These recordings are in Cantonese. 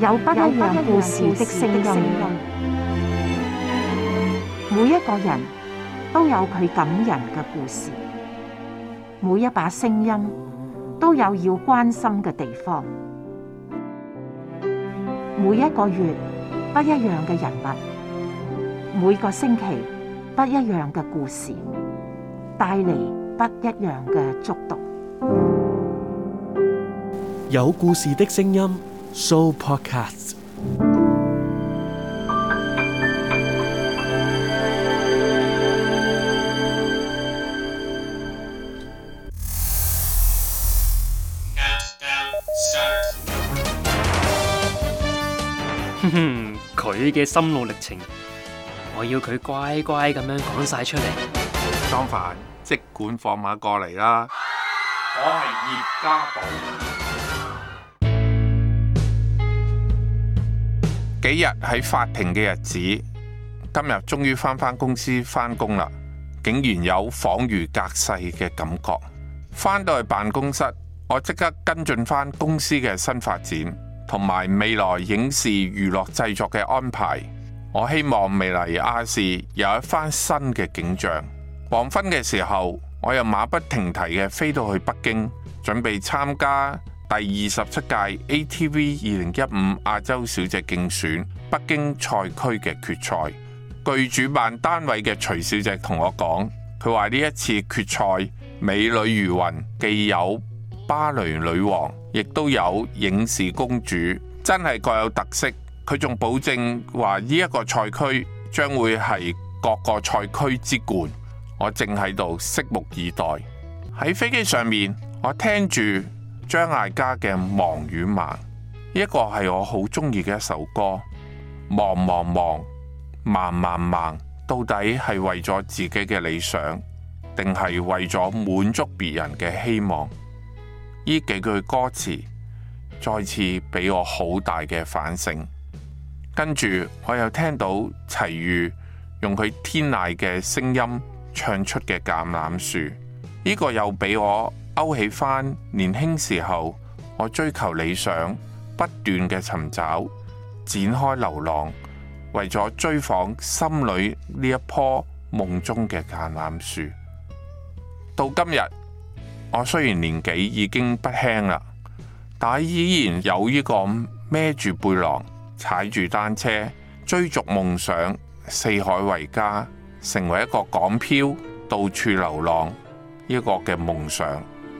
有不一樣故事的聲音，每一個人都有佢感人嘅故事，每一把聲音都有要關心嘅地方，每一個月，不一樣嘅人物，每個星期，不一樣嘅故事，帶嚟不一樣嘅觸動。有故事的聲音。So Show podcast。哼 哼，佢嘅 心路歷程，我要佢乖乖咁樣講晒出嚟。江凡，即管放馬過嚟啦！我係葉家寶。幾日喺法庭嘅日子，今日終於返返公司返工啦，竟然有恍如隔世嘅感覺。返到去辦公室，我即刻跟進返公司嘅新發展，同埋未來影視娛樂製作嘅安排。我希望未來亞視有一番新嘅景象。黃昏嘅時候，我又馬不停蹄嘅飛到去北京，準備參加。第二十七屆 ATV 二零一五亞洲小姐競選北京賽區嘅決賽，據主辦單位嘅徐小姐同我講，佢話呢一次決賽美女如雲，既有芭蕾女王，亦都有影視公主，真係各有特色。佢仲保證話呢一個賽區將會係各個賽區之冠。我正喺度拭目以待。喺飛機上面，我聽住。張艾嘉嘅《忙與盲》，呢一個係我好中意嘅一首歌。忙忙忙，盲盲盲，到底係為咗自己嘅理想，定係為咗滿足別人嘅希望？呢幾句歌詞再次俾我好大嘅反省。跟住我又聽到齊豫用佢天籟嘅聲音唱出嘅《橄欖樹》，呢個又俾我。勾起返年輕時候，我追求理想，不斷嘅尋找，展開流浪，為咗追訪心裏呢一棵夢中嘅橄欖樹。到今日，我雖然年紀已經不輕啦，但依然有呢個孭住背囊、踩住單車追逐夢想、四海為家，成為一個港漂，到處流浪一個嘅夢想。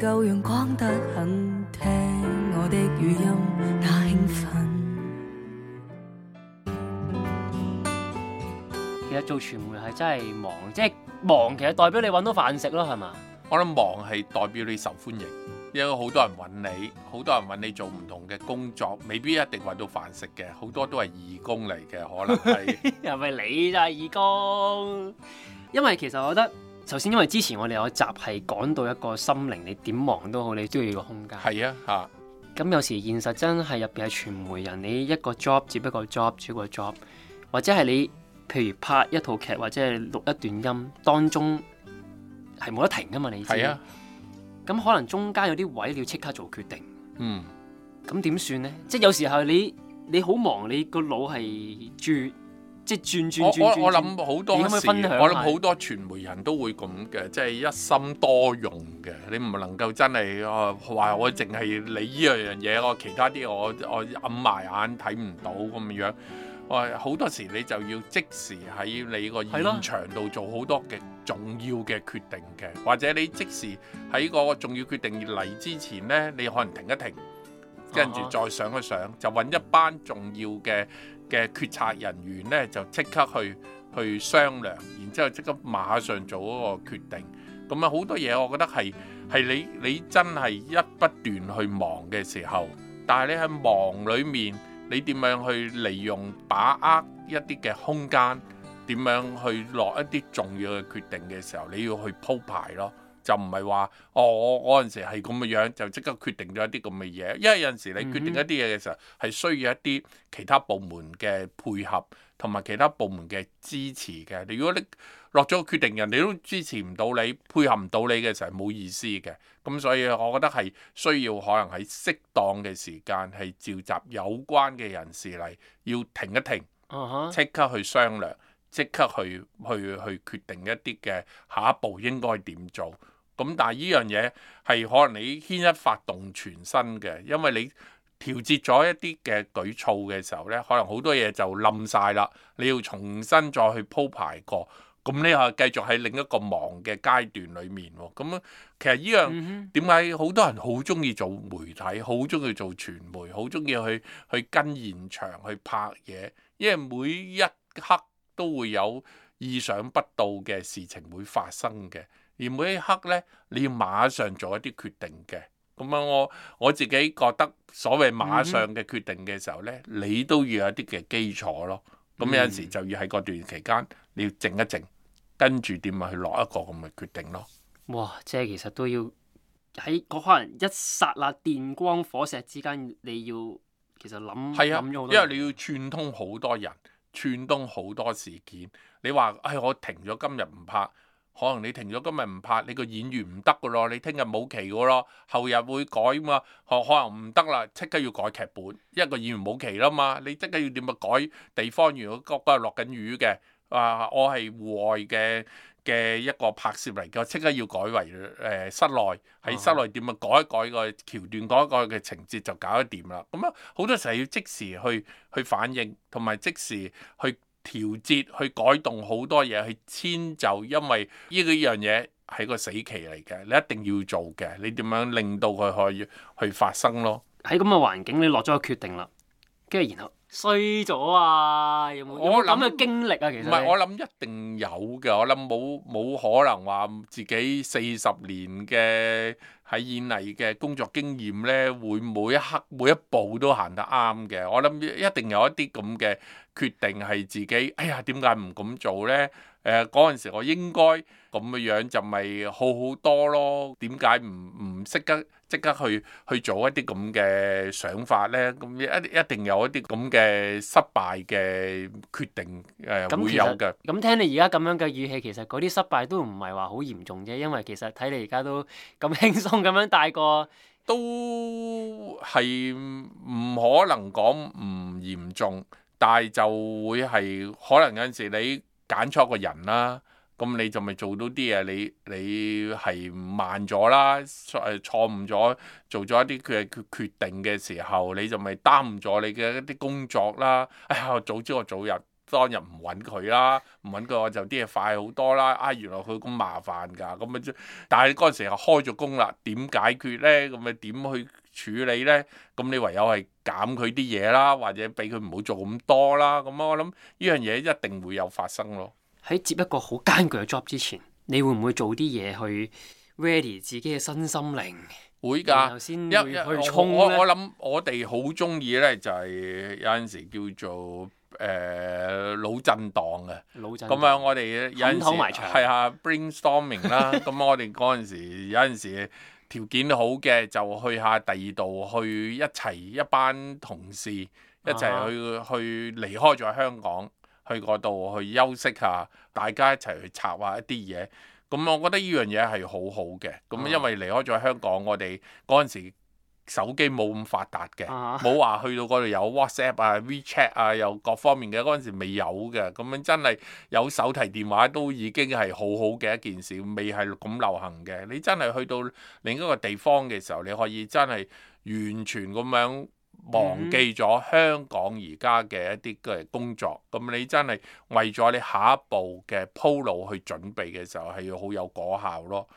夠陽光得很，聽我的語音，太興奮。其實做傳媒係真係忙，即係忙，其實代表你搵到飯食咯，係嘛？我諗忙係代表你受歡迎，因為好多人搵你，好多人搵你做唔同嘅工作，未必一定搵到飯食嘅，好多都係義工嚟嘅，可能係。又係你就係義工？因為其實我覺得。首先，因為之前我哋有一集係講到一個心靈，你點忙都好，你都要個空間。係啊，嚇！咁有時現實真係入邊係傳媒人，你一個 job 接一個 job，接一個 job，或者係你譬如拍一套劇，或者係錄一段音，當中係冇得停噶嘛？你係啊。咁可能中間有啲位你要即刻做決定。嗯。咁點算呢？即係有時候你你好忙，你個腦係絕。即係轉轉轉轉，我我諗好多事，我諗好多，多傳媒人都會咁嘅，即係一心多用嘅。你唔能夠真係話、哦、我淨係理呢樣樣嘢，我其他啲我我暗埋眼睇唔到咁樣樣。哦、好多時你就要即時喺你個現場度做好多嘅重要嘅決定嘅，的或者你即時喺個重要決定嚟之前呢，你可能停一停，跟住再想一想，啊啊就揾一班重要嘅。嘅決策人員呢，就即刻去去商量，然之後即刻馬上做一個決定。咁啊好多嘢，我覺得係係你你真係一不斷去忙嘅時候，但係你喺忙裡面，你點樣去利用把握一啲嘅空間？點樣去落一啲重要嘅決定嘅時候，你要去鋪排咯。就唔係話我我嗰陣時係咁嘅樣，就即刻決定咗一啲咁嘅嘢。因為有陣時你決定一啲嘢嘅時候，係需要一啲其他部門嘅配合，同埋其他部門嘅支持嘅。你如果你落咗個決定，人哋都支持唔到你，配合唔到你嘅時候，冇意思嘅。咁所以我覺得係需要可能喺適當嘅時間，係召集有關嘅人士嚟，要停一停，即刻去商量，即刻去去去去決定一啲嘅下一步應該點做。.咁但係呢樣嘢係可能你牽一發動全身嘅，因為你調節咗一啲嘅舉措嘅時候呢，可能好多嘢就冧晒啦。你要重新再去鋪排過，咁你又繼續喺另一個忙嘅階段裡面喎。咁其實呢樣點解好多人好中意做媒體，好中意做傳媒，好中意去去跟現場去拍嘢，因為每一刻都會有意想不到嘅事情會發生嘅。而每一刻呢，你要馬上做一啲決定嘅。咁樣我我自己覺得，所謂馬上嘅決定嘅時候呢，嗯、哼你都要有一啲嘅基礎咯。咁有陣時就要喺嗰段期間，你要靜一靜，跟住點樣去落一個咁嘅決定咯。哇！即係其實都要喺嗰可能一剎那電光火石之間，你要其實諗諗咗好多。因為你要串通好多人，串通好多事件。你話，哎，我停咗今日唔拍。可能你停咗今日唔拍，你個演員唔得㗎咯，你聽日冇期㗎咯，後日會改嘛，可可能唔得啦，即刻要改劇本，因為個演員冇期啦嘛，你即刻要點啊改地方？如果嗰日落緊雨嘅，啊，我係戶外嘅嘅一個拍攝嚟嘅，即刻要改為誒室內，喺室內點啊改一改個橋段改一改個嘅情節就搞得掂啦。咁啊好多時候要即時去去反應，同埋即時去。調節去改動好多嘢，去遷就，因為呢個一樣嘢係個死期嚟嘅，你一定要做嘅。你點樣令到佢可以去發生咯？喺咁嘅環境，你落咗個決定啦，跟住然後衰咗啊！有冇我咁諗嘅經歷啊？其實唔係，我諗一定有嘅。我諗冇冇可能話自己四十年嘅。喺演藝嘅工作經驗咧，會每一刻、每一步都行得啱嘅。我諗一定有一啲咁嘅決定係自己，哎呀，點解唔咁做咧？誒，嗰陣時，我應該咁嘅樣就咪好好多咯。點解唔唔識得即刻去去做一啲咁嘅想法咧？咁一一定有一啲咁嘅失敗嘅決定誒，呃嗯、會有㗎。咁、嗯嗯、聽你而家咁樣嘅語氣，其實嗰啲失敗都唔係話好嚴重啫，因為其實睇你而家都咁輕鬆咁樣帶過，都係唔可能講唔嚴重，但係就會係可能有陣時你。揀錯個人啦，咁你就咪做到啲嘢，你你係慢咗啦，錯誤咗，做咗一啲佢決定嘅時候，你就咪耽誤咗你嘅一啲工作啦。哎呀，早知我早日。當日唔揾佢啦，唔揾佢我就啲嘢快好多啦。啊，原來佢咁麻煩噶，咁樣，但係嗰陣時又開咗工啦，點解決咧？咁咪點去處理咧？咁你唯有係減佢啲嘢啦，或者俾佢唔好做咁多啦。咁我諗呢樣嘢一定會有發生咯。喺接一個好艱巨嘅 job 之前，你會唔會做啲嘢去 ready 自己嘅身心靈？會噶的，先要去衝我我諗我哋好中意咧，就係有陣時叫做。誒腦、呃、震盪嘅，咁啊我哋有陣時係啊 brainstorming 啦，咁 我哋嗰陣時有陣時條件好嘅就去下第二度去一齊一班同事一齊去、啊、去離開咗香港去嗰度去休息下，大家一齊去策劃一啲嘢，咁我覺得呢樣嘢係好好嘅，咁因為離開咗香港，嗯、我哋嗰陣時。手機冇咁發達嘅，冇話、啊、去到嗰度有 WhatsApp 啊、WeChat 啊，有各方面嘅嗰陣時未有嘅。咁樣真係有手提電話都已經係好好嘅一件事，未係咁流行嘅。你真係去到另一個地方嘅時候，你可以真係完全咁樣忘記咗香港而家嘅一啲嘅工作。咁、嗯、你真係為咗你下一步嘅鋪路去準備嘅時候，係要好有果效咯。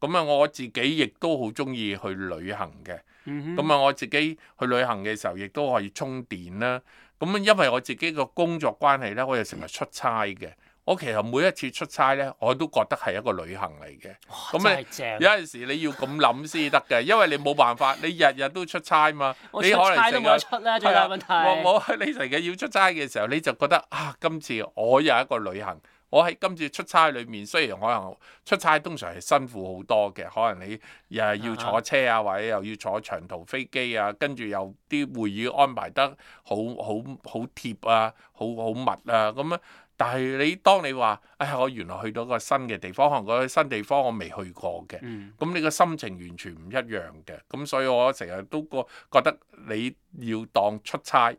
咁啊，我自己亦都好中意去旅行嘅。咁啊、嗯哼，我自己去旅行嘅時候，亦都可以充電啦。咁啊，因為我自己個工作關係呢，我又成日出差嘅。我其實每一次出差呢，我都覺得係一個旅行嚟嘅。哇！真係正。有陣時你要咁諗先得嘅，因為你冇辦法，你日日都出差嘛。 你可能都唔好出啦。啊、最大問題。我，我你成日要出差嘅時候，你就覺得啊，今次我有一個旅行。我喺今次出差裏面，雖然可能出差通常係辛苦好多嘅，可能你又係要坐車啊，或者又要坐長途飛機啊，跟住又啲會議安排得好好好貼啊，好好密啊咁樣。但係你當你話，哎我原來去到個新嘅地方，可能個新地方我未去過嘅，咁你個心情完全唔一樣嘅。咁所以我成日都覺覺得你要當出差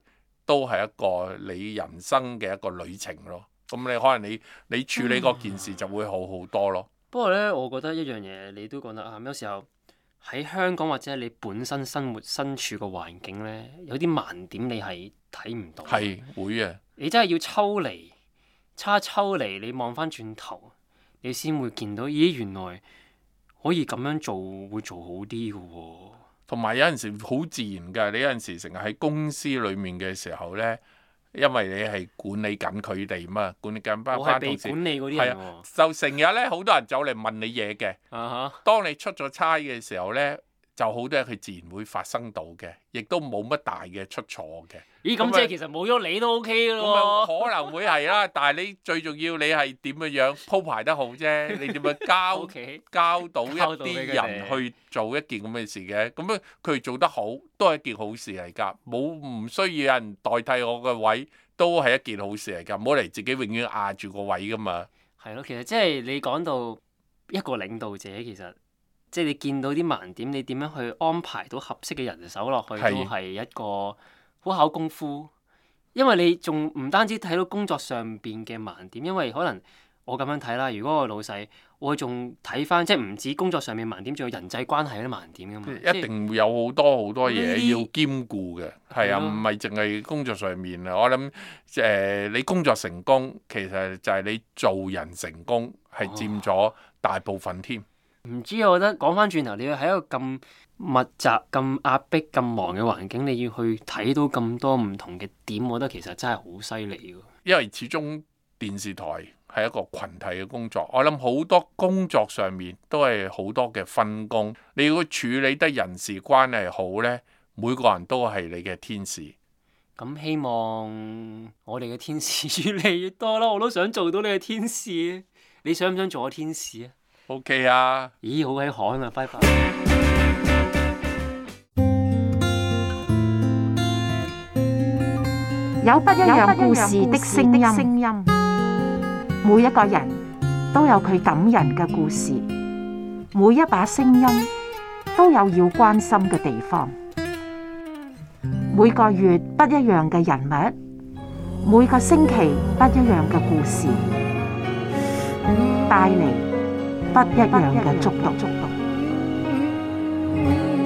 都係一個你人生嘅一個旅程咯。咁你可能你你處理嗰件事就會好好多咯。嗯、不過咧，我覺得一樣嘢，你都覺得啊，有時候喺香港或者你本身生活身處個環境咧，有啲盲點你係睇唔到。係會啊，你真係要抽離，差抽離，你望翻轉頭，你先會見到，咦、哎，原來可以咁樣做會做好啲嘅喎。同埋有陣時好自然㗎，你有陣時成日喺公司裡面嘅時候咧。因為你係管理緊佢哋嘛，管理緊班班同事，就成日咧好多人走嚟問你嘢嘅。啊、uh huh. 當你出咗差嘅時候咧。就好多人佢自然會發生到嘅，亦都冇乜大嘅出錯嘅。咦？咁即係其實冇咗你都 OK 咯。可能會係啦，但係你最重要你係點樣樣鋪排得好啫？你點樣交交到一啲人去做一件咁嘅事嘅？咁樣，佢做得好都係一件好事嚟㗎。冇唔需要有人代替我嘅位，都係一件好事嚟㗎。唔好嚟自己永遠壓住個位㗎嘛。係咯，其實即係你講到一個領導者其實。即係你見到啲盲點，你點樣去安排到合適嘅人手落去都係一個好考功夫。因為你仲唔單止睇到工作上邊嘅盲點，因為可能我咁樣睇啦。如果我老細，我仲睇返，即係唔止工作上面盲點，仲有人際關係嘅盲點噶嘛。一定會有好多好多嘢要兼顧嘅，係是啊，唔係淨係工作上面啊。我諗誒、呃，你工作成功，其實就係你做人成功，係佔咗大部分添。哦唔知，我覺得講翻轉頭，你要喺一個咁密集、咁壓迫、咁忙嘅環境，你要去睇到咁多唔同嘅點，我覺得其實真係好犀利喎。因為始終電視台係一個群體嘅工作，我諗好多工作上面都係好多嘅分工。你要處理得人事關係好呢，每個人都係你嘅天使。咁、嗯、希望我哋嘅天使越嚟越多啦！我都想做到你嘅天使，你想唔想做我天使啊？OK 啊！咦，好鬼旱啊！Bye bye。有不一樣故事的聲音，聲音。每一個人都有佢感人嘅故事，每一把聲音都有要關心嘅地方。每個月不一樣嘅人物，每個星期不一樣嘅故事，帶嚟。不一樣嘅速度，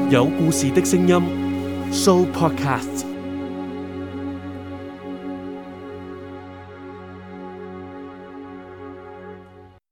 有故事的聲音，Show Podcast。